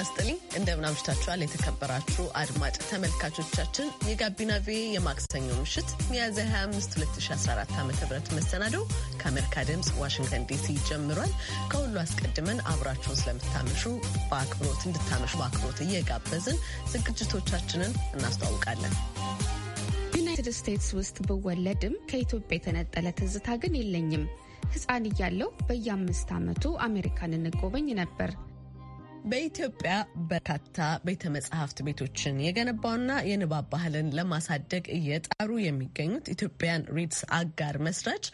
ጤና ስጥልኝ እንደምን አምሽታችኋል የተከበራችሁ አድማጭ ተመልካቾቻችን የጋቢና ቪ የማክሰኞ ምሽት ሚያዝያ 25 2014 ዓ ም መሰናዶው ከአሜሪካ ድምፅ ዋሽንግተን ዲሲ ጀምሯል ከሁሉ አስቀድመን አብራችሁን ስለምታመሹ በአክብሮት እንድታመሹ በአክብሮት እየጋበዝን ዝግጅቶቻችንን እናስተዋውቃለን ዩናይትድ ስቴትስ ውስጥ ብወለድም ከኢትዮጵያ የተነጠለ ትዝታ ግን የለኝም ህፃን እያለው በየአምስት ዓመቱ አሜሪካን እንጎበኝ ነበር በኢትዮጵያ በርካታ ቤተ መጽሐፍት ቤቶችን የገነባውና የንባብ ባህልን ለማሳደግ እየጣሩ የሚገኙት ኢትዮጵያን ሪድስ አጋር መስራች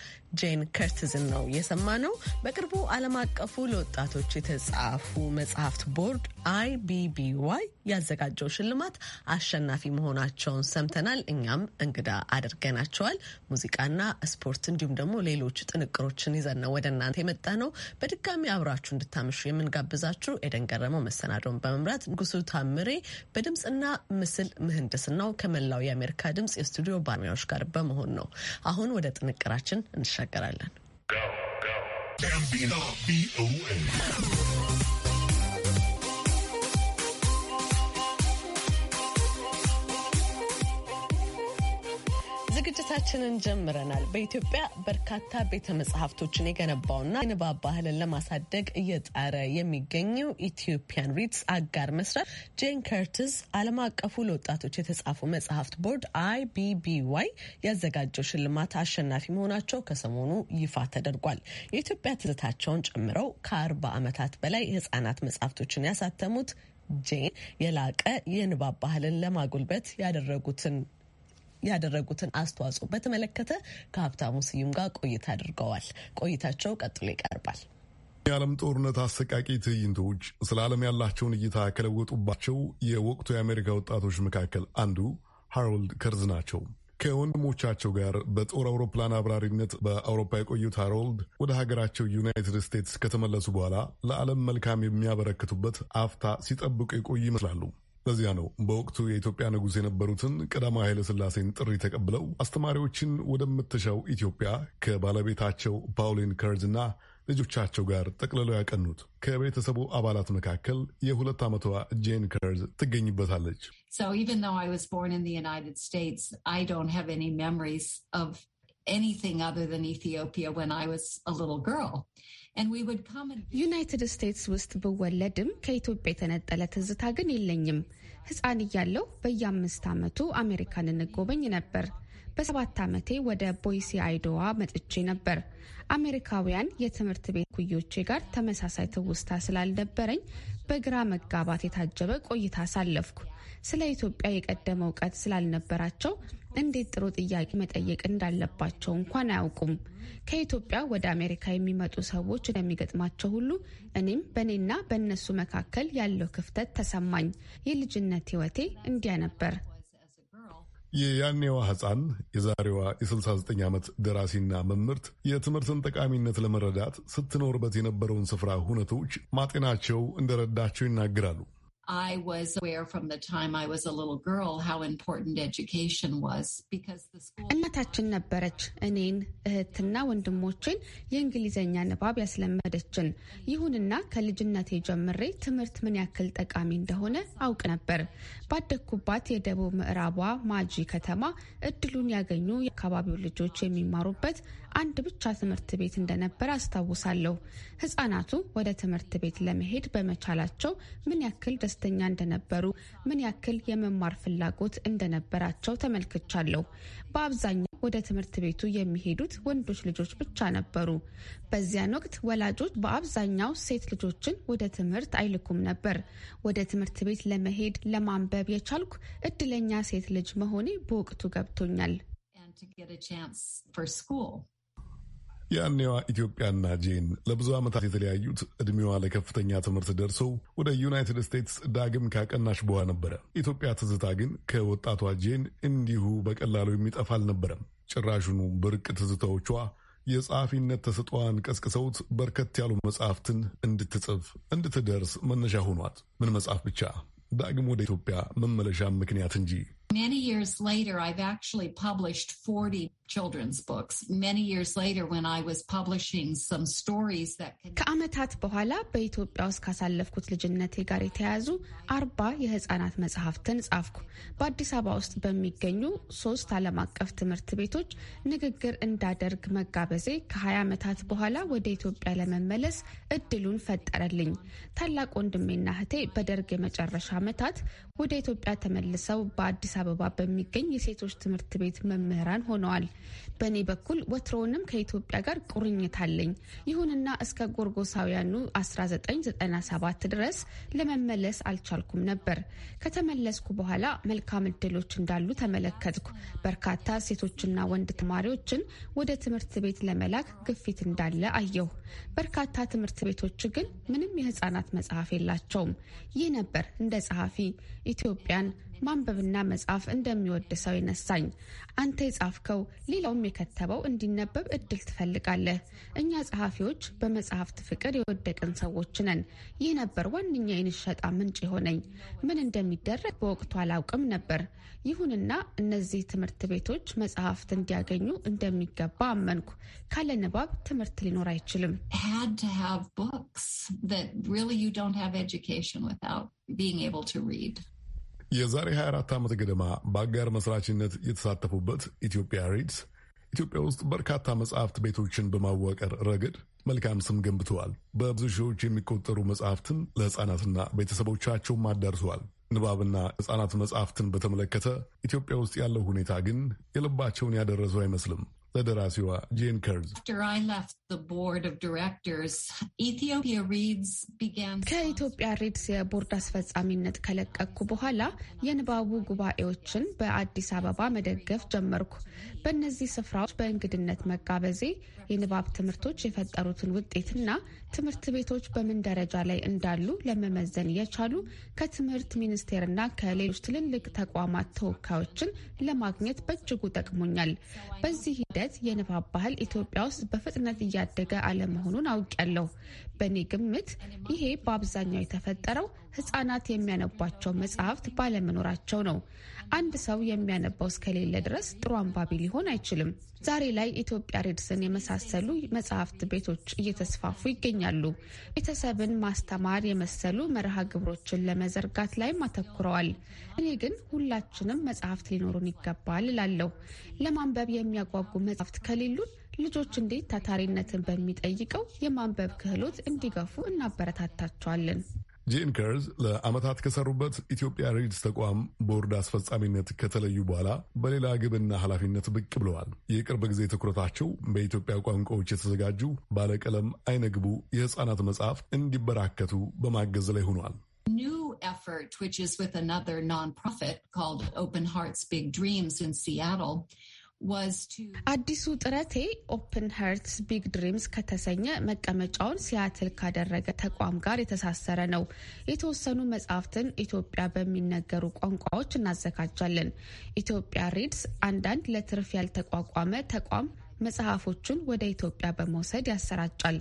ጄን ከርትዝን ነው የሰማ ነው። በቅርቡ ዓለም አቀፉ ለወጣቶች የተጻፉ መጽሐፍት ቦርድ አይቢቢዋይ ያዘጋጀው ሽልማት አሸናፊ መሆናቸውን ሰምተናል። እኛም እንግዳ አድርገናቸዋል። ሙዚቃና ስፖርት እንዲሁም ደግሞ ሌሎች ጥንቅሮችን ይዘን ነው ወደ እናንተ የመጣ ነው። በድጋሚ አብራችሁ እንድታምሹ የምንጋብዛችሁ ኤደን ገረመው መሰናዶውን በመምራት ንጉሱ ታምሬ በድምፅና ምስል ምህንድስናው ከመላው የአሜሪካ ድምፅ የስቱዲዮ ባለሙያዎች ጋር በመሆን ነው። አሁን ወደ ጥንቅራችን እንሻገራለን። ዝግጅታችንን ጀምረናል። በኢትዮጵያ በርካታ ቤተ መጽሐፍቶችን የገነባውና የንባብ ባህልን ለማሳደግ እየጣረ የሚገኘው ኢትዮፒያን ሪድስ አጋር መስራት ጄን ከርትስ ዓለም አቀፉ ለወጣቶች የተጻፉ መጽሐፍት ቦርድ አይቢቢዋይ ያዘጋጀው ሽልማት አሸናፊ መሆናቸው ከሰሞኑ ይፋ ተደርጓል። የኢትዮጵያ ትዝታቸውን ጨምረው ከአርባ ዓመታት በላይ የህጻናት መጽሐፍቶችን ያሳተሙት ጄን የላቀ የንባብ ባህልን ለማጎልበት ያደረጉትን ያደረጉትን አስተዋጽኦ በተመለከተ ከሀብታሙ ስዩም ጋር ቆይታ አድርገዋል። ቆይታቸው ቀጥሎ ይቀርባል። የዓለም ጦርነት አሰቃቂ ትዕይንቶች ስለ ዓለም ያላቸውን እይታ ከለወጡባቸው የወቅቱ የአሜሪካ ወጣቶች መካከል አንዱ ሃሮልድ ከርዝ ናቸው። ከወንድሞቻቸው ጋር በጦር አውሮፕላን አብራሪነት በአውሮፓ የቆዩት ሃሮልድ ወደ ሀገራቸው ዩናይትድ ስቴትስ ከተመለሱ በኋላ ለዓለም መልካም የሚያበረክቱበት አፍታ ሲጠብቁ የቆዩ ይመስላሉ። ለዚያ ነው በወቅቱ የኢትዮጵያ ንጉሥ የነበሩትን ኃይለ ኃይለሥላሴን ጥሪ ተቀብለው አስተማሪዎችን ወደምትሻው ኢትዮጵያ ከባለቤታቸው ፓውሊን ከርዝና ልጆቻቸው ጋር ጠቅልለው ያቀኑት። ከቤተሰቡ አባላት መካከል የሁለት ዓመቷ ጄን ከርዝ ትገኝበታለች። ዩናይትድ ዩናይትድ ስቴትስ ውስጥ ብወለድም ከኢትዮጵያ የተነጠለ ትዝታ ግን የለኝም። ሕፃን እያለሁ በየአምስት ዓመቱ አሜሪካን እንጎበኝ ነበር። በሰባት ዓመቴ ወደ ቦይሴ አይዶዋ መጥቼ ነበር። አሜሪካውያን የትምህርት ቤት ኩዮቼ ጋር ተመሳሳይ ትውስታ ስላልነበረኝ በግራ መጋባት የታጀበ ቆይታ አሳለፍኩ። ስለ ኢትዮጵያ የቀደመ እውቀት ስላልነበራቸው እንዴት ጥሩ ጥያቄ መጠየቅ እንዳለባቸው እንኳን አያውቁም። ከኢትዮጵያ ወደ አሜሪካ የሚመጡ ሰዎች እንደሚገጥማቸው ሁሉ እኔም በእኔና በእነሱ መካከል ያለው ክፍተት ተሰማኝ። የልጅነት ሕይወቴ እንዲያ ነበር። የያኔዋ ሕፃን የዛሬዋ የ69 ዓመት ደራሲና መምህርት የትምህርትን ጠቃሚነት ለመረዳት ስትኖርበት የነበረውን ስፍራ ሁነቶች ማጤናቸው እንደረዳቸው ይናገራሉ። I was aware from the time I was a little girl how important education was because the school እናታችን ነበረች እኔን እህትና የእንግሊዝኛ ንባብ ያስለመደችን። ይሁንና ከልጅነቴ ጀምሬ ትምህርት ምን ያክል ጠቃሚ እንደሆነ አውቅ ነበር። ባደግኩባት የደቡብ ምዕራቧ ማጂ ከተማ እድሉን ያገኙ የአካባቢው ልጆች የሚማሩበት አንድ ብቻ ትምህርት ቤት እንደነበር አስታውሳለሁ። ህጻናቱ ወደ ትምህርት ቤት ለመሄድ በመቻላቸው ምን ያክል ደስተኛ እንደነበሩ፣ ምን ያክል የመማር ፍላጎት እንደነበራቸው ተመልክቻለሁ። በአብዛኛው ወደ ትምህርት ቤቱ የሚሄዱት ወንዶች ልጆች ብቻ ነበሩ። በዚያን ወቅት ወላጆች በአብዛኛው ሴት ልጆችን ወደ ትምህርት አይልኩም ነበር። ወደ ትምህርት ቤት ለመሄድ ለማንበብ ማንበብ የቻልኩ እድለኛ ሴት ልጅ መሆኔ በወቅቱ ገብቶኛል። ያኔዋ ኢትዮጵያና ጄን ለብዙ ዓመታት የተለያዩት ዕድሜዋ ለከፍተኛ ትምህርት ደርሰው ወደ ዩናይትድ ስቴትስ ዳግም ካቀናሽ በኋላ ነበረ። ኢትዮጵያ ትዝታ ግን ከወጣቷ ጄን እንዲሁ በቀላሉ የሚጠፋ አልነበረም። ጭራሹኑ ብርቅ ትዝታዎቿ የጸሐፊነት ተሰጥኦዋን ቀስቅሰውት በርከት ያሉ መጽሐፍትን እንድትጽፍ እንድትደርስ መነሻ ሆኗት። ምን መጽሐፍ ብቻ ዳግም ወደ ኢትዮጵያ መመለሻ ምክንያት እንጂ Many years later, I've actually published 40 children's books. Many years later, when I was publishing some stories that ከዓመታት በኋላ በኢትዮጵያ ውስጥ ካሳለፍኩት ልጅነቴ ጋር የተያያዙ አርባ የህፃናት መጽሐፍትን ጻፍኩ። በአዲስ አበባ ውስጥ በሚገኙ ሶስት ዓለም አቀፍ ትምህርት ቤቶች ንግግር እንዳደርግ መጋበዜ ከ20 ዓመታት በኋላ ወደ ኢትዮጵያ ለመመለስ እድሉን ፈጠረልኝ። ታላቅ ወንድሜና እህቴ በደርግ የመጨረሻ ዓመታት ወደ ኢትዮጵያ ተመልሰው በአዲስ አበባ በሚገኝ የሴቶች ትምህርት ቤት መምህራን ሆነዋል። በእኔ በኩል ወትሮውንም ከኢትዮጵያ ጋር ቁርኝት አለኝ። ይሁንና እስከ ጎርጎሳውያኑ 1997 ድረስ ለመመለስ አልቻልኩም ነበር። ከተመለስኩ በኋላ መልካም እድሎች እንዳሉ ተመለከትኩ። በርካታ ሴቶችና ወንድ ተማሪዎችን ወደ ትምህርት ቤት ለመላክ ግፊት እንዳለ አየሁ። በርካታ ትምህርት ቤቶች ግን ምንም የህፃናት መጽሐፍ የላቸውም። ይህ ነበር እንደ ጸሐፊ ኢትዮጵያን ማንበብና መጻፍ እንደሚወድ ሰው ይነሳኝ አንተ የጻፍከው ሌላውም የከተበው እንዲነበብ እድል ትፈልጋለህ። እኛ ጸሐፊዎች በመጽሐፍት ፍቅር የወደቅን ሰዎች ነን። ይህ ነበር ዋነኛ የንሸጣ ምንጭ የሆነኝ። ምን እንደሚደረግ በወቅቱ አላውቅም ነበር። ይሁንና እነዚህ ትምህርት ቤቶች መጽሐፍት እንዲያገኙ እንደሚገባ አመንኩ። ካለ ንባብ ትምህርት ሊኖር አይችልም። being able to read. የዛሬ 24 ዓመት ገደማ በአጋር መስራችነት የተሳተፉበት ኢትዮጵያ ሪድስ ኢትዮጵያ ውስጥ በርካታ መጽሐፍት ቤቶችን በማዋቀር ረገድ መልካም ስም ገንብተዋል። በብዙ ሺዎች የሚቆጠሩ መጽሐፍትን ለሕፃናትና ቤተሰቦቻቸውም አዳርሰዋል። ንባብና ሕፃናት መጽሐፍትን በተመለከተ ኢትዮጵያ ውስጥ ያለው ሁኔታ ግን የልባቸውን ያደረሰው አይመስልም። ለደራሲዋ ጄን ከርዝ ከኢትዮጵያ ሪድስ የቦርድ አስፈጻሚነት ከለቀቅኩ በኋላ የንባቡ ጉባኤዎችን በአዲስ አበባ መደገፍ ጀመርኩ። በእነዚህ ስፍራዎች በእንግድነት መጋበዜ የንባብ ትምህርቶች የፈጠሩትን ውጤትና ትምህርት ቤቶች በምን ደረጃ ላይ እንዳሉ ለመመዘን የቻሉ ከትምህርት ሚኒስቴርና ከሌሎች ትልልቅ ተቋማት ተወካዮችን ለማግኘት በእጅጉ ጠቅሞኛል። በዚህ ስደት፣ የንባብ ባህል ኢትዮጵያ ውስጥ በፍጥነት እያደገ አለመሆኑን አውቅ ያለው በእኔ ግምት ይሄ በአብዛኛው የተፈጠረው ህጻናት የሚያነቧቸው መጽሐፍት ባለመኖራቸው ነው። አንድ ሰው የሚያነባው እስከሌለ ድረስ ጥሩ አንባቢ ሊሆን አይችልም። ዛሬ ላይ ኢትዮጵያ ሬድስን የመሳሰሉ መጽሐፍት ቤቶች እየተስፋፉ ይገኛሉ። ቤተሰብን ማስተማር የመሰሉ መርሃ ግብሮችን ለመዘርጋት ላይም አተኩረዋል። እኔ ግን ሁላችንም መጽሐፍት ሊኖሩን ይገባል እላለሁ። ለማንበብ የሚያጓጉ መጽሐፍት ከሌሉን ልጆች እንዴት ታታሪነትን በሚጠይቀው የማንበብ ክህሎት እንዲገፉ እናበረታታቸዋለን። ጄን ከርዝ ለዓመታት ከሰሩበት ኢትዮጵያ ሪድስ ተቋም ቦርድ አስፈጻሚነት ከተለዩ በኋላ በሌላ ግብና ኃላፊነት ብቅ ብለዋል። የቅርብ ጊዜ ትኩረታቸው በኢትዮጵያ ቋንቋዎች የተዘጋጁ ባለቀለም አይነ ግቡ የሕፃናት መጽሐፍ እንዲበራከቱ በማገዝ ላይ ሆኗል። effort, which is with another nonprofit called Open Hearts Big Dreams in Seattle. አዲሱ ጥረቴ ኦፕን ሄርትስ ቢግ ድሪምስ ከተሰኘ መቀመጫውን ሲያትል ካደረገ ተቋም ጋር የተሳሰረ ነው። የተወሰኑ መጽሐፍትን ኢትዮጵያ በሚነገሩ ቋንቋዎች እናዘጋጃለን። ኢትዮጵያ ሪድስ አንዳንድ ለትርፍ ያልተቋቋመ ተቋም መጽሐፎቹን ወደ ኢትዮጵያ በመውሰድ ያሰራጫል።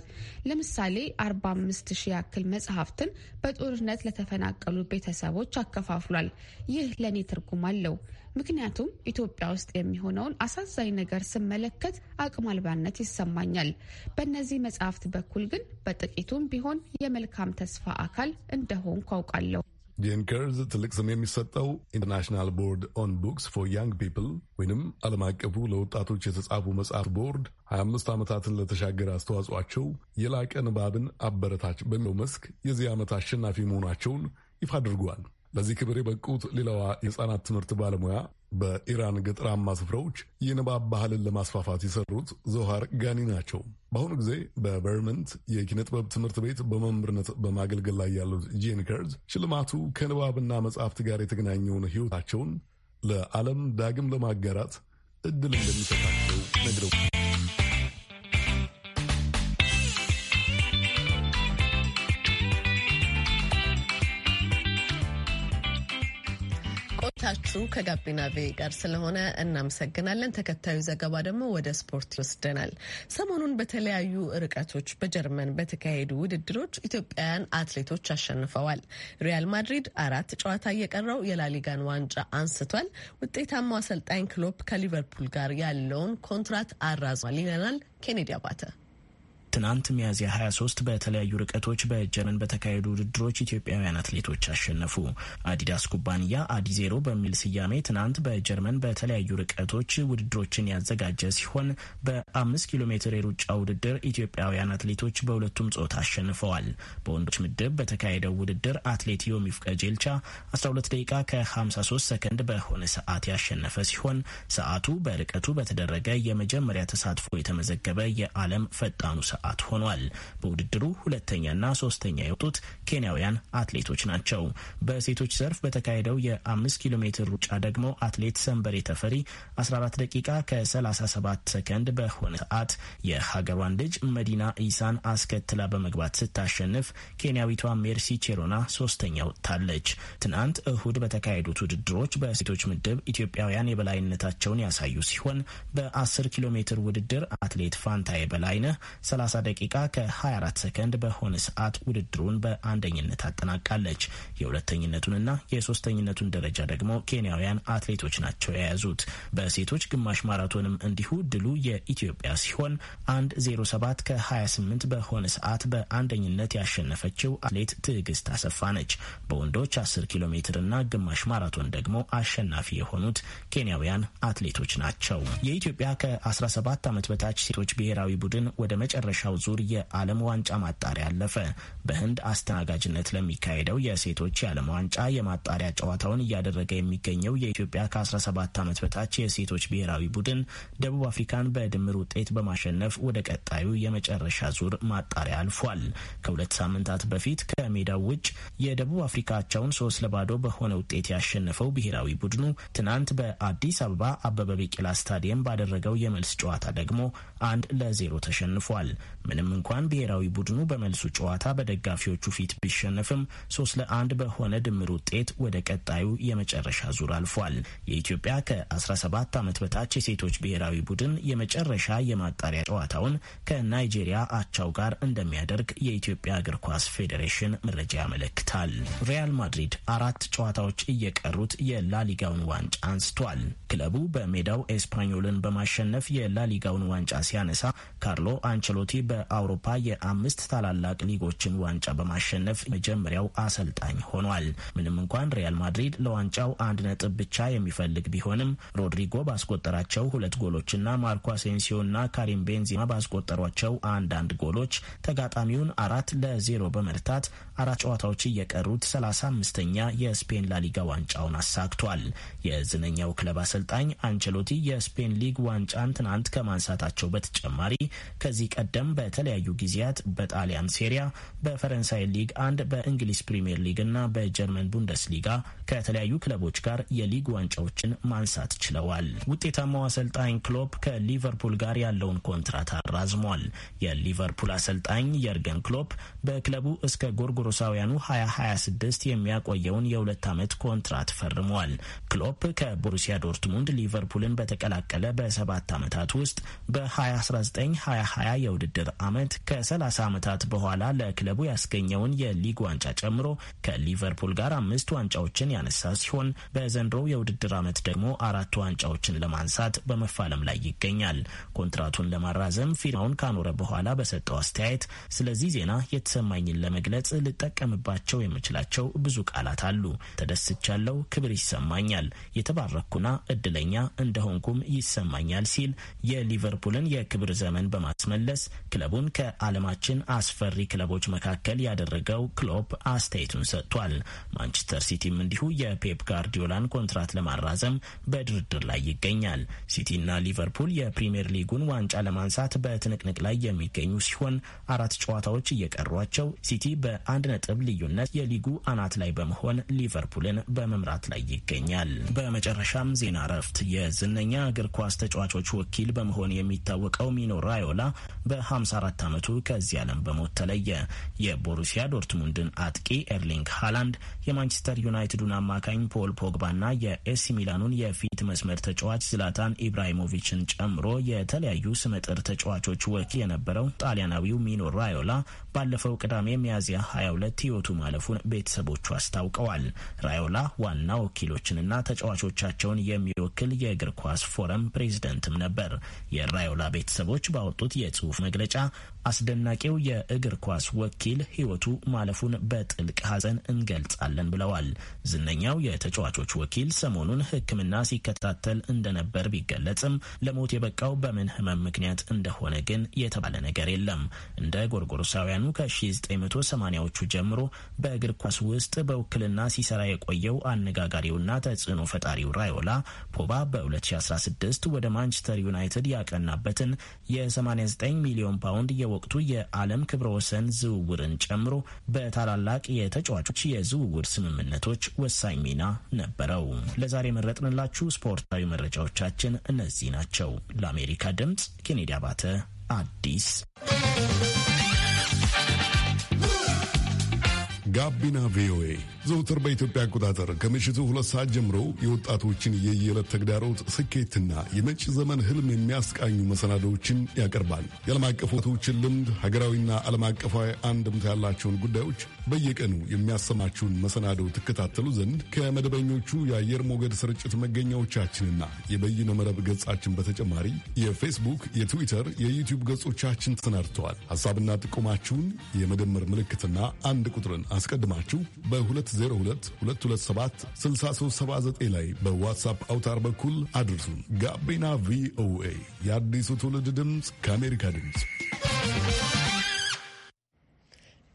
ለምሳሌ 45 ሺህ ያክል መጽሐፍትን በጦርነት ለተፈናቀሉ ቤተሰቦች አከፋፍሏል። ይህ ለእኔ ትርጉም አለው። ምክንያቱም ኢትዮጵያ ውስጥ የሚሆነውን አሳዛኝ ነገር ስመለከት አቅም አልባነት ይሰማኛል። በእነዚህ መጽሐፍት በኩል ግን በጥቂቱም ቢሆን የመልካም ተስፋ አካል እንደሆንኩ አውቃለሁ። ጄን ከርዝ ትልቅ ስም የሚሰጠው ኢንተርናሽናል ቦርድ ኦን ቡክስ ፎር ያንግ ፒፕል ወይንም ዓለም አቀፉ ለወጣቶች የተጻፉ መጽሐፍ ቦርድ 25 ዓመታትን ለተሻገረ አስተዋጽኦአቸው የላቀ ንባብን አበረታች በሚለው መስክ የዚህ ዓመት አሸናፊ መሆናቸውን ይፋ አድርጓል። ለዚህ ክብር የበቁት ሌላዋ የህፃናት ትምህርት ባለሙያ በኢራን ገጠራማ ስፍራዎች የንባብ ባህልን ለማስፋፋት የሰሩት ዞሃር ጋኒ ናቸው። በአሁኑ ጊዜ በቨርመንት የኪነጥበብ ትምህርት ቤት በመምህርነት በማገልገል ላይ ያሉት ጄኒከርዝ ሽልማቱ ከንባብና መጽሐፍት ጋር የተገናኘውን ህይወታቸውን ለዓለም ዳግም ለማጋራት እድል እንደሚሰጣቸው ነግረው ከጋቢና ቬ ጋር ስለሆነ እናመሰግናለን። ተከታዩ ዘገባ ደግሞ ወደ ስፖርት ይወስደናል። ሰሞኑን በተለያዩ ርቀቶች በጀርመን በተካሄዱ ውድድሮች ኢትዮጵያውያን አትሌቶች አሸንፈዋል። ሪያል ማድሪድ አራት ጨዋታ እየቀረው የላሊጋን ዋንጫ አንስቷል። ውጤታማው አሰልጣኝ ክሎፕ ከሊቨርፑል ጋር ያለውን ኮንትራት አራዟል ይለናል ኬኔዲ አባተ። ትናንት ሚያዝያ 23 በተለያዩ ርቀቶች በጀርመን በተካሄዱ ውድድሮች ኢትዮጵያውያን አትሌቶች አሸነፉ። አዲዳስ ኩባንያ አዲዜሮ በሚል ስያሜ ትናንት በጀርመን በተለያዩ ርቀቶች ውድድሮችን ያዘጋጀ ሲሆን በአምስት ኪሎ ሜትር የሩጫ ውድድር ኢትዮጵያውያን አትሌቶች በሁለቱም ጾታ አሸንፈዋል። በወንዶች ምድብ በተካሄደው ውድድር አትሌት ዮሚፍ ቀጀልቻ 12 ደቂቃ ከ53 ሰከንድ በሆነ ሰዓት ያሸነፈ ሲሆን ሰዓቱ በርቀቱ በተደረገ የመጀመሪያ ተሳትፎ የተመዘገበ የዓለም ፈጣኑ ሰዓት ግብአት ሆኗል። በውድድሩ ሁለተኛና ሶስተኛ የወጡት ኬንያውያን አትሌቶች ናቸው። በሴቶች ዘርፍ በተካሄደው የአምስት ኪሎ ሜትር ሩጫ ደግሞ አትሌት ሰንበሬ ተፈሪ 14 ደቂቃ ከ37 ሰከንድ በሆነ ሰዓት የሀገሯን ልጅ መዲና ኢሳን አስከትላ በመግባት ስታሸንፍ ኬንያዊቷ ሜርሲ ቼሮና ሶስተኛ ወጥታለች። ትናንት እሁድ በተካሄዱት ውድድሮች በሴቶች ምድብ ኢትዮጵያውያን የበላይነታቸውን ያሳዩ ሲሆን በ10 ኪሎ ሜትር ውድድር አትሌት ፋንታ የበላይነ 30 ደቂቃ ከ24 ሰከንድ በሆነ ሰዓት ውድድሩን በአንደኝነት አጠናቃለች። የሁለተኝነቱንና የሶስተኝነቱን ደረጃ ደግሞ ኬንያውያን አትሌቶች ናቸው የያዙት። በሴቶች ግማሽ ማራቶንም እንዲሁ ድሉ የኢትዮጵያ ሲሆን 1:07 ከ28 በሆነ ሰዓት በአንደኝነት ያሸነፈችው አትሌት ትዕግስት አሰፋ ነች። በወንዶች 10 ኪሎ ሜትርና ግማሽ ማራቶን ደግሞ አሸናፊ የሆኑት ኬንያውያን አትሌቶች ናቸው። የኢትዮጵያ ከ17 ዓመት በታች ሴቶች ብሔራዊ ቡድን ወደ መጨረሻ የመጨረሻው ዙር የዓለም ዋንጫ ማጣሪያ አለፈ። በህንድ አስተናጋጅነት ለሚካሄደው የሴቶች የዓለም ዋንጫ የማጣሪያ ጨዋታውን እያደረገ የሚገኘው የኢትዮጵያ ከ17 ዓመት በታች የሴቶች ብሔራዊ ቡድን ደቡብ አፍሪካን በድምር ውጤት በማሸነፍ ወደ ቀጣዩ የመጨረሻ ዙር ማጣሪያ አልፏል። ከሁለት ሳምንታት በፊት ከሜዳው ውጭ የደቡብ አፍሪካቸውን ሶስት ለባዶ በሆነ ውጤት ያሸነፈው ብሔራዊ ቡድኑ ትናንት በአዲስ አበባ አበበ ቢቂላ ስታዲየም ባደረገው የመልስ ጨዋታ ደግሞ አንድ ለዜሮ ተሸንፏል። ምንም እንኳን ብሔራዊ ቡድኑ በመልሱ ጨዋታ በደጋፊዎቹ ፊት ቢሸነፍም ሶስት ለአንድ በሆነ ድምር ውጤት ወደ ቀጣዩ የመጨረሻ ዙር አልፏል። የኢትዮጵያ ከ17 ዓመት በታች የሴቶች ብሔራዊ ቡድን የመጨረሻ የማጣሪያ ጨዋታውን ከናይጄሪያ አቻው ጋር እንደሚያደርግ የኢትዮጵያ እግር ኳስ ፌዴሬሽን መረጃ ያመለክታል። ሪያል ማድሪድ አራት ጨዋታዎች እየቀሩት የላሊጋውን ዋንጫ አንስቷል። ክለቡ በሜዳው ኤስፓኞልን በማሸነፍ የላሊጋውን ዋንጫ ሲያነሳ ካርሎ አንቸሎቲ በአውሮፓ የአምስት ታላላቅ ሊጎችን ዋንጫ በማሸነፍ መጀመሪያው አሰልጣኝ ሆኗል። ምንም እንኳን ሪያል ማድሪድ ለዋንጫው አንድ ነጥብ ብቻ የሚፈልግ ቢሆንም ሮድሪጎ ባስቆጠራቸው ሁለት ጎሎችና ማርኮ አሴንሲዮና ካሪም ቤንዚማ ባስቆጠሯቸው አንዳንድ ጎሎች ተጋጣሚውን አራት ለዜሮ በመርታት አራት ጨዋታዎች እየቀሩት ሰላሳ አምስተኛ የስፔን ላሊጋ ዋንጫውን አሳክቷል። የዝነኛው ክለብ አሰልጣኝ አንቸሎቲ የስፔን ሊግ ዋንጫን ትናንት ከማንሳታቸው በተጨማሪ ከዚህ ቀደም ቀደም በተለያዩ ጊዜያት በጣሊያን ሴሪያ፣ በፈረንሳይ ሊግ አንድ፣ በእንግሊዝ ፕሪምየር ሊግ እና በጀርመን ቡንደስሊጋ ከተለያዩ ክለቦች ጋር የሊግ ዋንጫዎችን ማንሳት ችለዋል። ውጤታማው አሰልጣኝ ክሎፕ ከሊቨርፑል ጋር ያለውን ኮንትራት አራዝሟል። የሊቨርፑል አሰልጣኝ የርገን ክሎፕ በክለቡ እስከ ጎርጎሮሳውያኑ 2026 የሚያቆየውን የሁለት ዓመት ኮንትራት ፈርሟል። ክሎፕ ከቦሩሲያ ዶርትሙንድ ሊቨርፑልን በተቀላቀለ በሰባት ዓመታት ውስጥ በ2019 2020 የውድድር የውድድር ዓመት ከ30 ዓመታት በኋላ ለክለቡ ያስገኘውን የሊግ ዋንጫ ጨምሮ ከሊቨርፑል ጋር አምስት ዋንጫዎችን ያነሳ ሲሆን በዘንድሮው የውድድር ዓመት ደግሞ አራት ዋንጫዎችን ለማንሳት በመፋለም ላይ ይገኛል። ኮንትራቱን ለማራዘም ፊርማውን ካኖረ በኋላ በሰጠው አስተያየት ስለዚህ ዜና የተሰማኝን ለመግለጽ ልጠቀምባቸው የምችላቸው ብዙ ቃላት አሉ። ተደስቻለው፣ ክብር ይሰማኛል፣ የተባረኩና እድለኛ እንደሆንኩም ይሰማኛል ሲል የሊቨርፑልን የክብር ዘመን በማስመለስ ክለቡን ከዓለማችን አስፈሪ ክለቦች መካከል ያደረገው ክሎፕ አስተያየቱን ሰጥቷል። ማንቸስተር ሲቲም እንዲሁ የፔፕ ጋርዲዮላን ኮንትራት ለማራዘም በድርድር ላይ ይገኛል። ሲቲና ሊቨርፑል የፕሪምየር ሊጉን ዋንጫ ለማንሳት በትንቅንቅ ላይ የሚገኙ ሲሆን አራት ጨዋታዎች እየቀሯቸው ሲቲ በአንድ ነጥብ ልዩነት የሊጉ አናት ላይ በመሆን ሊቨርፑልን በመምራት ላይ ይገኛል። በመጨረሻም ዜና እረፍት የዝነኛ እግር ኳስ ተጫዋቾች ወኪል በመሆን የሚታወቀው ሚኖ ራዮላ በሀ 54 ዓመቱ ከዚህ ዓለም በሞት ተለየ። የቦሩሲያ ዶርትሙንድን አጥቂ ኤርሊንግ ሃላንድ፣ የማንቸስተር ዩናይትዱን አማካኝ ፖል ፖግባና የኤሲ ሚላኑን የፊት መስመር ተጫዋች ዝላታን ኢብራሂሞቪችን ጨምሮ የተለያዩ ስመጥር ተጫዋቾች ወኪ የነበረው ጣሊያናዊው ሚኖ ራዮላ ባለፈው ቅዳሜ ሚያዝያ 22 ህይወቱ ማለፉን ቤተሰቦቹ አስታውቀዋል። ራዮላ ዋና ወኪሎችንና ተጫዋቾቻቸውን የሚወክል የእግር ኳስ ፎረም ፕሬዝደንትም ነበር። የራዮላ ቤተሰቦች ባወጡት የጽሑፍ መግለጫ መግለጫ አስደናቂው የእግር ኳስ ወኪል ሕይወቱ ማለፉን በጥልቅ ሐዘን እንገልጻለን ብለዋል። ዝነኛው የተጫዋቾች ወኪል ሰሞኑን ሕክምና ሲከታተል እንደነበር ቢገለጽም ለሞት የበቃው በምን ህመም ምክንያት እንደሆነ ግን የተባለ ነገር የለም። እንደ ጎርጎሮሳውያኑ ከ1980ዎቹ ጀምሮ በእግር ኳስ ውስጥ በውክልና ሲሰራ የቆየው አነጋጋሪውና ተጽዕኖ ፈጣሪው ራዮላ ፖባ በ2016 ወደ ማንቸስተር ዩናይትድ ያቀናበትን የ89 ሚሊዮን ፓውንድ በወቅቱ የዓለም ክብረ ወሰን ዝውውርን ጨምሮ በታላላቅ የተጫዋቾች የዝውውር ስምምነቶች ወሳኝ ሚና ነበረው። ለዛሬ መረጥንላችሁ ስፖርታዊ መረጃዎቻችን እነዚህ ናቸው። ለአሜሪካ ድምፅ ኬኔዲ አባተ አዲስ ጋቢና ቪኦኤ ዘውትር በኢትዮጵያ አቆጣጠር ከምሽቱ ሁለት ሰዓት ጀምሮ የወጣቶችን የየዕለት ተግዳሮት ስኬትና የመጪ ዘመን ህልም የሚያስቃኙ መሰናዶዎችን ያቀርባል። የዓለም አቀፍ ወጣቶችን ልምድ፣ ሀገራዊና ዓለም አቀፋዊ አንድምታ ያላቸውን ጉዳዮች በየቀኑ የሚያሰማችሁን መሰናደው ትከታተሉ ዘንድ ከመደበኞቹ የአየር ሞገድ ስርጭት መገኛዎቻችንና የበይነ መረብ ገጻችን በተጨማሪ የፌስቡክ፣ የትዊተር፣ የዩቲዩብ ገጾቻችን ተሰናድተዋል። ሐሳብና ጥቆማችሁን የመደመር ምልክትና አንድ ቁጥርን አስቀድማችሁ በ202227 6379 ላይ በዋትሳፕ አውታር በኩል አድርሱን። ጋቢና ቪኦኤ የአዲሱ ትውልድ ድምፅ ከአሜሪካ ድምፅ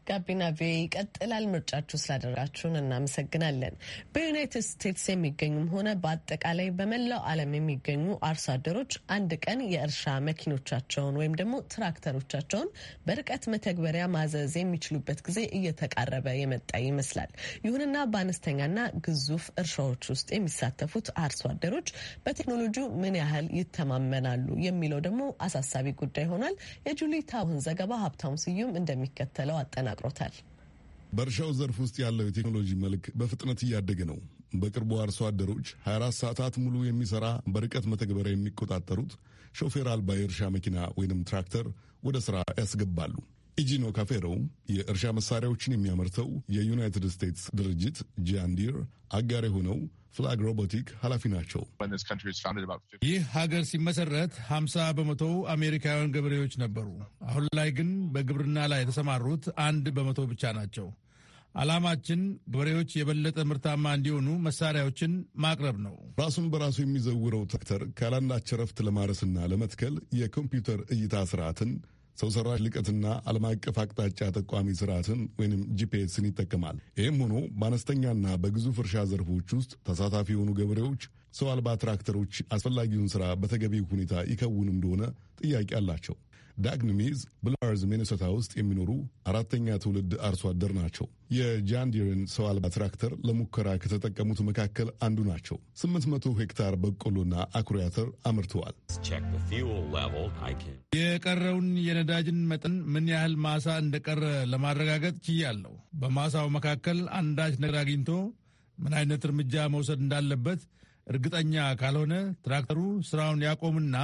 ጋቢና ቪ ይቀጥላል። ምርጫችሁ ስላደረጋችሁን እናመሰግናለን። በዩናይትድ ስቴትስ የሚገኙም ሆነ በአጠቃላይ በመላው ዓለም የሚገኙ አርሶ አደሮች አንድ ቀን የእርሻ መኪኖቻቸውን ወይም ደግሞ ትራክተሮቻቸውን በርቀት መተግበሪያ ማዘዝ የሚችሉበት ጊዜ እየተቃረበ የመጣ ይመስላል። ይሁንና በአነስተኛና ግዙፍ እርሻዎች ውስጥ የሚሳተፉት አርሶ አደሮች በቴክኖሎጂው ምን ያህል ይተማመናሉ የሚለው ደግሞ አሳሳቢ ጉዳይ ሆኗል። የጁሊ ታውን ዘገባ ሀብታሙ ስዩም እንደሚከተለው አጠና ተናግሮታል። በእርሻው ዘርፍ ውስጥ ያለው የቴክኖሎጂ መልክ በፍጥነት እያደገ ነው። በቅርቡ አርሶ አደሮች 24 ሰዓታት ሙሉ የሚሰራ በርቀት መተግበሪያ የሚቆጣጠሩት ሾፌር አልባ የእርሻ መኪና ወይንም ትራክተር ወደ ስራ ያስገባሉ። ኢጂኖ ካፌሮ የእርሻ መሳሪያዎችን የሚያመርተው የዩናይትድ ስቴትስ ድርጅት ጃንዲር አጋር የሆነው ፍላግ ሮቦቲክ ኃላፊ ናቸው። ይህ ሀገር ሲመሰረት 50 በመቶው አሜሪካውያን ገበሬዎች ነበሩ። አሁን ላይ ግን በግብርና ላይ የተሰማሩት አንድ በመቶ ብቻ ናቸው። ዓላማችን ገበሬዎች የበለጠ ምርታማ እንዲሆኑ መሳሪያዎችን ማቅረብ ነው። ራሱን በራሱ የሚዘውረው ትራክተር ካላንዳች ረፍት ለማረስና ለመትከል የኮምፒውተር እይታ ስርዓትን ሰው ሰራሽ ልቀትና ዓለም አቀፍ አቅጣጫ ጠቋሚ ስርዓትን ወይም ጂፒኤስን ይጠቀማል። ይህም ሆኖ በአነስተኛና በግዙፍ እርሻ ዘርፎች ውስጥ ተሳታፊ የሆኑ ገበሬዎች ሰው አልባ ትራክተሮች አስፈላጊውን ስራ በተገቢው ሁኔታ ይከውን እንደሆነ ጥያቄ አላቸው። ዳግን ሚዝ ብላርዝ ሚኒሶታ ውስጥ የሚኖሩ አራተኛ ትውልድ አርሶ አደር ናቸው። የጃንዲርን ሰው አልባ ትራክተር ለሙከራ ከተጠቀሙት መካከል አንዱ ናቸው። 800 ሄክታር በቆሎና አኩሪ አተር አምርተዋል። የቀረውን የነዳጅን መጠን ምን ያህል ማሳ እንደቀረ ለማረጋገጥ ችያለሁ። በማሳው መካከል አንዳች ነገር አግኝቶ ምን አይነት እርምጃ መውሰድ እንዳለበት እርግጠኛ ካልሆነ ትራክተሩ ስራውን ያቆምና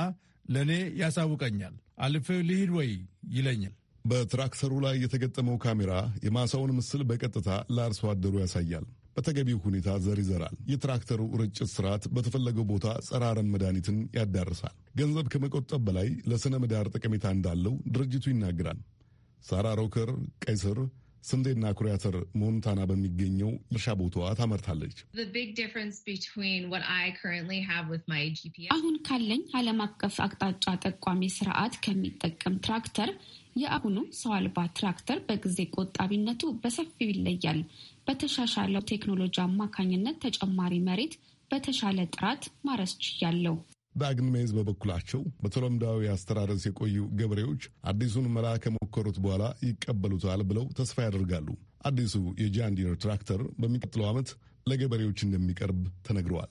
ለእኔ ያሳውቀኛል። አልፌ ልሂድ ወይ ይለኛል። በትራክተሩ ላይ የተገጠመው ካሜራ የማሳውን ምስል በቀጥታ ለአርሶ አደሩ ያሳያል። በተገቢው ሁኔታ ዘር ይዘራል። የትራክተሩ ርጭት ስርዓት በተፈለገው ቦታ ጸረ አረም መድኃኒትን ያዳርሳል። ገንዘብ ከመቆጠብ በላይ ለሥነ ምህዳር ጠቀሜታ እንዳለው ድርጅቱ ይናገራል። ሳራ ሮከር ቀይስር ስንዴና ኩሪ አተር ሞንታና በሚገኘው እርሻ ቦታዋ ታመርታለች። አሁን ካለኝ ዓለም አቀፍ አቅጣጫ ጠቋሚ ስርዓት ከሚጠቀም ትራክተር የአሁኑ ሰው አልባ ትራክተር በጊዜ ቆጣቢነቱ በሰፊው ይለያል። በተሻሻለው ቴክኖሎጂ አማካኝነት ተጨማሪ መሬት በተሻለ ጥራት ማረስ ችያለሁ። በአግን መይዝ በበኩላቸው በተለምዳዊ አስተራረስ የቆዩ ገበሬዎች አዲሱን መላ ከሞከሩት በኋላ ይቀበሉታል ብለው ተስፋ ያደርጋሉ። አዲሱ የጃንዲር ትራክተር በሚቀጥለው ዓመት ለገበሬዎች እንደሚቀርብ ተነግረዋል።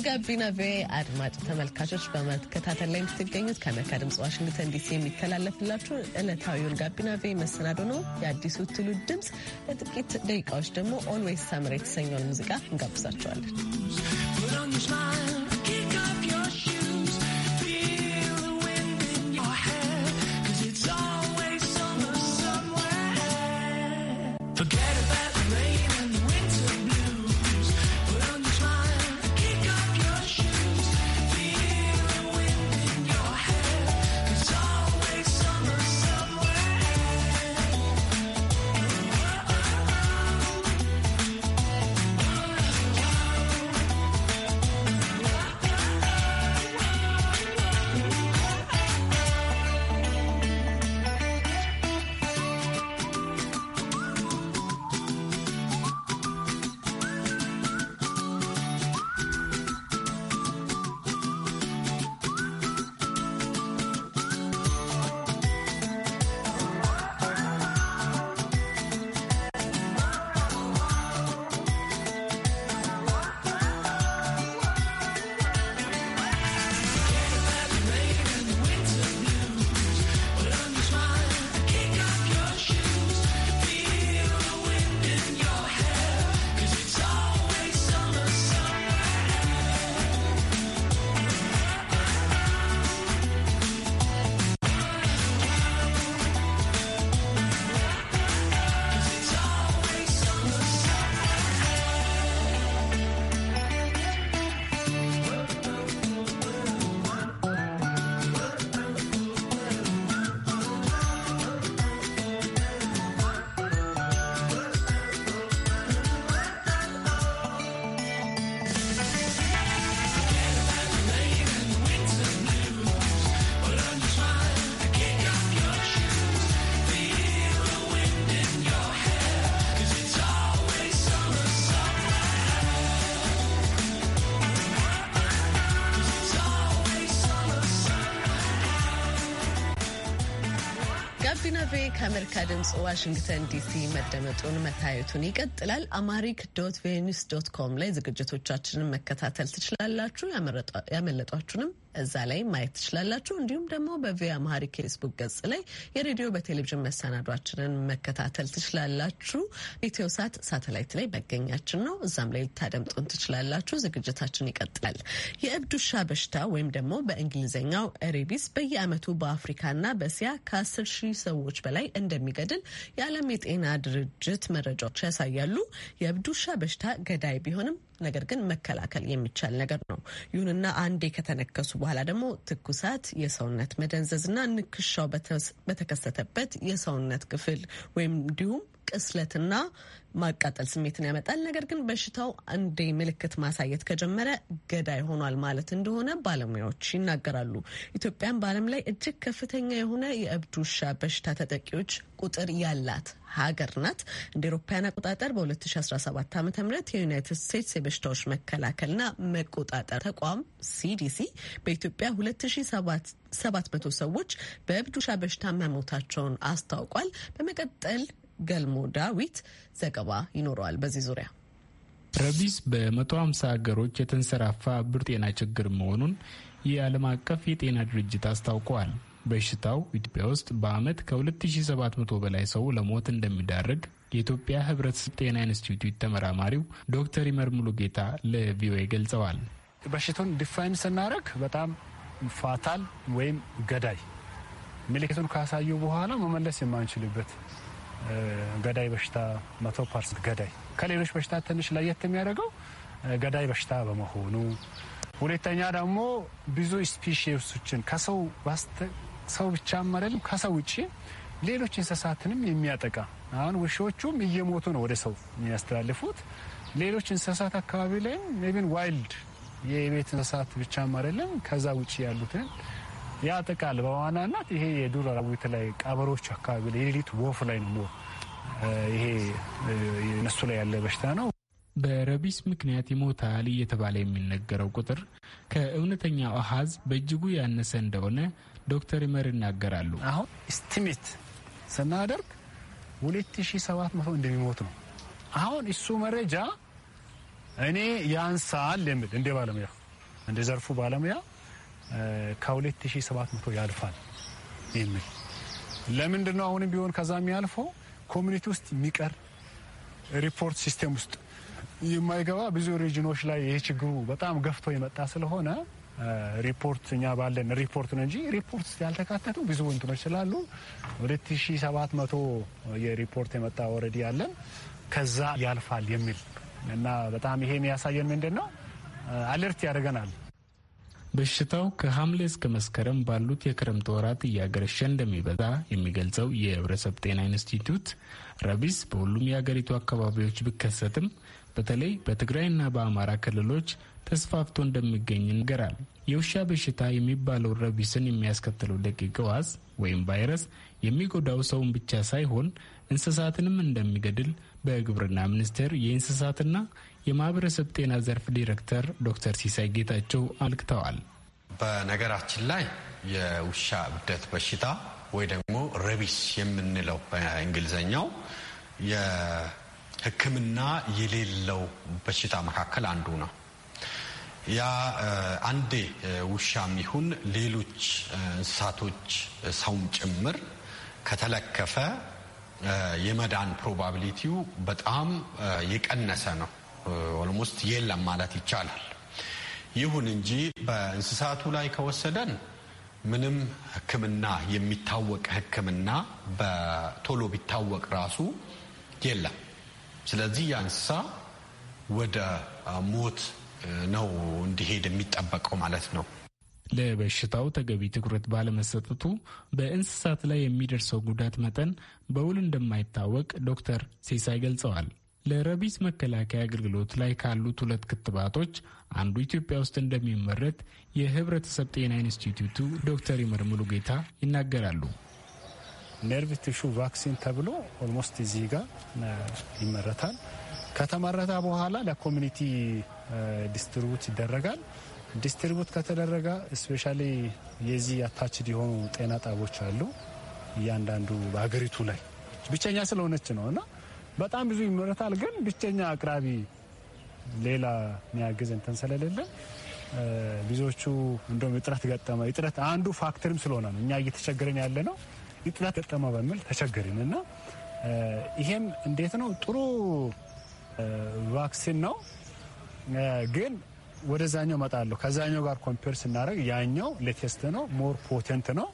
የጋቢና ቪ አድማጭ ተመልካቾች በመከታተል ላይ የምትገኙት ከአሜሪካ ድምጽ ዋሽንግተን ዲሲ የሚተላለፍላችሁ ዕለታዊውን ጋቢና ቪ መሰናዶ ነው። የአዲሱ ትውልድ ድምፅ ለጥቂት ደቂቃዎች ደግሞ ኦልዌይስ ሳምር የተሰኘውን ሙዚቃ እንጋብዛቸዋለን። ከአሜሪካ ድምፅ ዋሽንግተን ዲሲ መደመጡን መታየቱን ይቀጥላል። አማሪክ ዶት ቬኒስ ዶት ኮም ላይ ዝግጅቶቻችንን መከታተል ትችላላችሁ። ያመለጧችሁንም እዛ ላይ ማየት ትችላላችሁ። እንዲሁም ደግሞ በቪኦኤ አማርኛ ፌስቡክ ገጽ ላይ የሬዲዮ በቴሌቪዥን መሰናዷችንን መከታተል ትችላላችሁ። ኢትዮሳት ሳተላይት ላይ መገኛችን ነው። እዛም ላይ ልታደምጡን ትችላላችሁ። ዝግጅታችን ይቀጥላል። የእብድ ውሻ በሽታ ወይም ደግሞ በእንግሊዝኛው ሬቢስ በየዓመቱ በአፍሪካና በእስያ ከአስር ሺህ ሰዎች በላይ እንደሚገድል የዓለም የጤና ድርጅት መረጃዎች ያሳያሉ። የእብድ ውሻ በሽታ ገዳይ ቢሆንም ነገር ግን መከላከል የሚቻል ነገር ነው። ይሁንና አንዴ ከተነከሱ በኋላ ደግሞ ትኩሳት፣ የሰውነት መደንዘዝና ንክሻው በተከሰተበት የሰውነት ክፍል ወይም እንዲሁም ቅስለትና ማቃጠል ስሜትን ያመጣል። ነገር ግን በሽታው እንዴ ምልክት ማሳየት ከጀመረ ገዳይ ሆኗል ማለት እንደሆነ ባለሙያዎች ይናገራሉ። ኢትዮጵያን በዓለም ላይ እጅግ ከፍተኛ የሆነ የእብድ ውሻ በሽታ ተጠቂዎች ቁጥር ያላት ሀገር ናት። እንደ ኤሮፓያን አቆጣጠር በ2017 ዓ ም የዩናይትድ ስቴትስ የበሽታዎች መከላከልና መቆጣጠር ተቋም ሲዲሲ በኢትዮጵያ 2700 ሰዎች በእብድ ውሻ በሽታ መሞታቸውን አስታውቋል። በመቀጠል ገልሞ ዳዊት ዘገባ ይኖረዋል በዚህ ዙሪያ። ረቢስ በ150 ሀገሮች የተንሰራፋ ብር ጤና ችግር መሆኑን የዓለም አቀፍ የጤና ድርጅት አስታውቀዋል። በሽታው ኢትዮጵያ ውስጥ በዓመት ከ2700 በላይ ሰው ለሞት እንደሚዳረግ የኢትዮጵያ ሕብረተሰብ ጤና ኢንስቲትዩት ተመራማሪው ዶክተር ይመርሙሉ ጌታ ለቪኦኤ ገልጸዋል። በሽታውን ዲፋይን ስናደርግ በጣም ፋታል ወይም ገዳይ ምልክቱን ካሳዩ በኋላ መመለስ የማንችልበት ገዳይ በሽታ መቶ ፐርሰንት ገዳይ ከሌሎች በሽታ ትንሽ ለየት የሚያደርገው ገዳይ በሽታ በመሆኑ፣ ሁለተኛ ደግሞ ብዙ ስፒሽሶችን ከሰው ሰው ብቻ አይደለም ከሰው ውጭ ሌሎች እንስሳትንም የሚያጠቃ አሁን ውሾቹም እየሞቱ ነው ወደ ሰው የሚያስተላልፉት። ሌሎች እንስሳት አካባቢ ላይም ቢን ዋይልድ የቤት እንስሳት ብቻም አይደለም ከዛ ውጭ ያሉትን ያጠቃል። በዋናነት ይሄ የዱር አራዊት ላይ ቀበሮች አካባቢ ላይ የሌሊት ወፍ ላይ ነው። ይሄ እነሱ ላይ ያለ በሽታ ነው። በረቢስ ምክንያት ይሞታል እየተባለ የሚነገረው ቁጥር ከእውነተኛው አሃዝ በእጅጉ ያነሰ እንደሆነ ዶክተር ይመር ይናገራሉ። አሁን ስቲሜት ስናደርግ 2700 እንደሚሞት ነው። አሁን እሱ መረጃ እኔ ያንሳል የምል እንደ ባለሙያ እንደ ዘርፉ ባለሙያ ከ2700 ያልፋል የሚል ለምንድን ነው አሁንም ቢሆን ከዛ የሚያልፈው ኮሚኒቲ ውስጥ የሚቀር ሪፖርት ሲስተም ውስጥ የማይገባ ብዙ ሪጅኖች ላይ ይህ ችግሩ በጣም ገፍቶ የመጣ ስለሆነ ሪፖርት እኛ ባለን ሪፖርት ነው እንጂ ሪፖርት ያልተካተቱ ብዙ እንትኖች ስላሉ 2700 የሪፖርት የመጣ ወረዲ ያለን ከዛ ያልፋል የሚል እና በጣም ይሄ የሚያሳየን ምንድን ነው አለርት ያደርገናል። በሽታው ከሐምሌ እስከ መስከረም ባሉት የክረምት ወራት እያገረሸ እንደሚበዛ የሚገልጸው የህብረተሰብ ጤና ኢንስቲትዩት ረቢስ በሁሉም የአገሪቱ አካባቢዎች ቢከሰትም በተለይ በትግራይና በአማራ ክልሎች ተስፋፍቶ እንደሚገኝ ይነገራል። የውሻ በሽታ የሚባለው ረቢስን የሚያስከትለው ደቂቅ ዋስ ወይም ቫይረስ የሚጎዳው ሰውን ብቻ ሳይሆን እንስሳትንም እንደሚገድል በግብርና ሚኒስቴር የእንስሳትና የማህበረሰብ ጤና ዘርፍ ዲሬክተር ዶክተር ሲሳይ ጌታቸው አልክተዋል። በነገራችን ላይ የውሻ እብደት በሽታ ወይ ደግሞ ረቢስ የምንለው በእንግሊዝኛው የሕክምና የሌለው በሽታ መካከል አንዱ ነው። ያ አንዴ ውሻም ይሁን ሌሎች እንስሳቶች ሰውም ጭምር ከተለከፈ የመዳን ፕሮባቢሊቲው በጣም የቀነሰ ነው። ኦልሞስት የለም ማለት ይቻላል። ይሁን እንጂ በእንስሳቱ ላይ ከወሰደን ምንም ሕክምና የሚታወቅ ሕክምና በቶሎ ቢታወቅ ራሱ የለም። ስለዚህ ያ እንስሳ ወደ ሞት ነው እንዲሄድ የሚጠበቀው ማለት ነው። ለበሽታው ተገቢ ትኩረት ባለመሰጠቱ በእንስሳት ላይ የሚደርሰው ጉዳት መጠን በውል እንደማይታወቅ ዶክተር ሲሳይ ገልጸዋል። ለረቢስ መከላከያ አገልግሎት ላይ ካሉት ሁለት ክትባቶች አንዱ ኢትዮጵያ ውስጥ እንደሚመረት የህብረተሰብ ጤና ኢንስቲትዩቱ ዶክተር ይመር ጌታ ይናገራሉ። ነርቭ ቲሹ ቫክሲን ተብሎ ኦልሞስት እዚህ ጋር ይመረታል። ከተመረተ በኋላ ለኮሚኒቲ ዲስትሪቡት ይደረጋል። ዲስትሪቡት ከተደረገ ስፔሻ የዚህ አታችድ የሆኑ ጤና ጣቦች አሉ እያንዳንዱ በሀገሪቱ ላይ ብቸኛ ስለሆነች ነው እና በጣም ብዙ ይመረታል፣ ግን ብቸኛ አቅራቢ ሌላ የሚያግዝ እንትን ስለሌለ ብዙዎቹ እንደውም እጥረት ገጠመ። እጥረት አንዱ ፋክተርም ስለሆነ ነው እኛ እየተቸገረን ያለ ነው። እጥረት ገጠመ በሚል ተቸገርን እና ይሄም እንዴት ነው ጥሩ ቫክሲን ነው ግን ወደዛኛው መጣለሁ። ከዛኛው ጋር ኮምፔር ስናደርግ ያኛው ሌቴስት ነው፣ ሞር ፖቴንት ነው።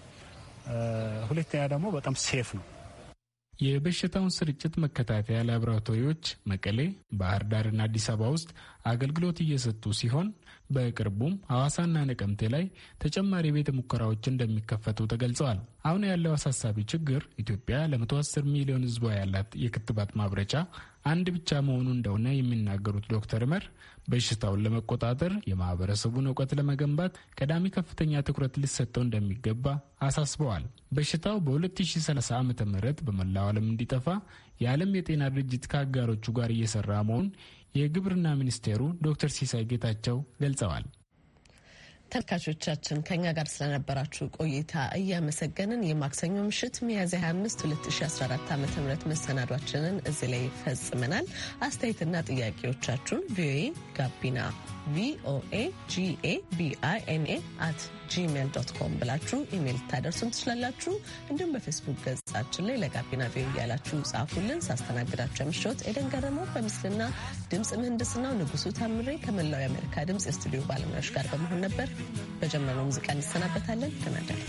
ሁለተኛ ደግሞ በጣም ሴፍ ነው። የበሽታውን ስርጭት መከታተያ ላብራቶሪዎች መቀሌ፣ ባህር ዳርና አዲስ አበባ ውስጥ አገልግሎት እየሰጡ ሲሆን በቅርቡም ሐዋሳና ነቀምቴ ላይ ተጨማሪ ቤተ ሙከራዎች እንደሚከፈቱ ተገልጸዋል። አሁን ያለው አሳሳቢ ችግር ኢትዮጵያ ለ110 ሚሊዮን ሕዝቧ ያላት የክትባት ማብረቻ አንድ ብቻ መሆኑ እንደሆነ የሚናገሩት ዶክተር መር በሽታውን ለመቆጣጠር የማህበረሰቡን እውቀት ለመገንባት ቀዳሚ ከፍተኛ ትኩረት ሊሰጠው እንደሚገባ አሳስበዋል። በሽታው በ2030 ዓ ም በመላው ዓለም እንዲጠፋ የዓለም የጤና ድርጅት ከአጋሮቹ ጋር እየሰራ መሆኑን የግብርና ሚኒስቴሩ ዶክተር ሲሳይ ጌታቸው ገልጸዋል። ተመልካቾቻችን ከኛ ጋር ስለነበራችሁ ቆይታ እያመሰገንን የማክሰኞ ምሽት ሚያዝያ 25 2014 ዓ ም መሰናዷችንን እዚህ ላይ ፈጽመናል። አስተያየትና ጥያቄዎቻችሁን ቪኦኤ ጋቢና ቪኦኤ ጂኤ ቢአይኤንኤ አት ጂሜል ዶት ኮም ብላችሁ ኢሜይል ልታደርሱን ትችላላችሁ። እንዲሁም በፌስቡክ ገጻችን ላይ ለጋቢና ቪኦኤ እያላችሁ ጻፉልን። ሳስተናግዳችሁ ምሽት ኤደን ገረመው በምስልና ድምፅ ምህንድስናው ንጉሱ ታምሬ ከመላው የአሜሪካ ድምፅ የስቱዲዮ ባለሙያዎች ጋር በመሆን ነበር። በጀመረው ሙዚቃ እንሰናበታለን። ተናደር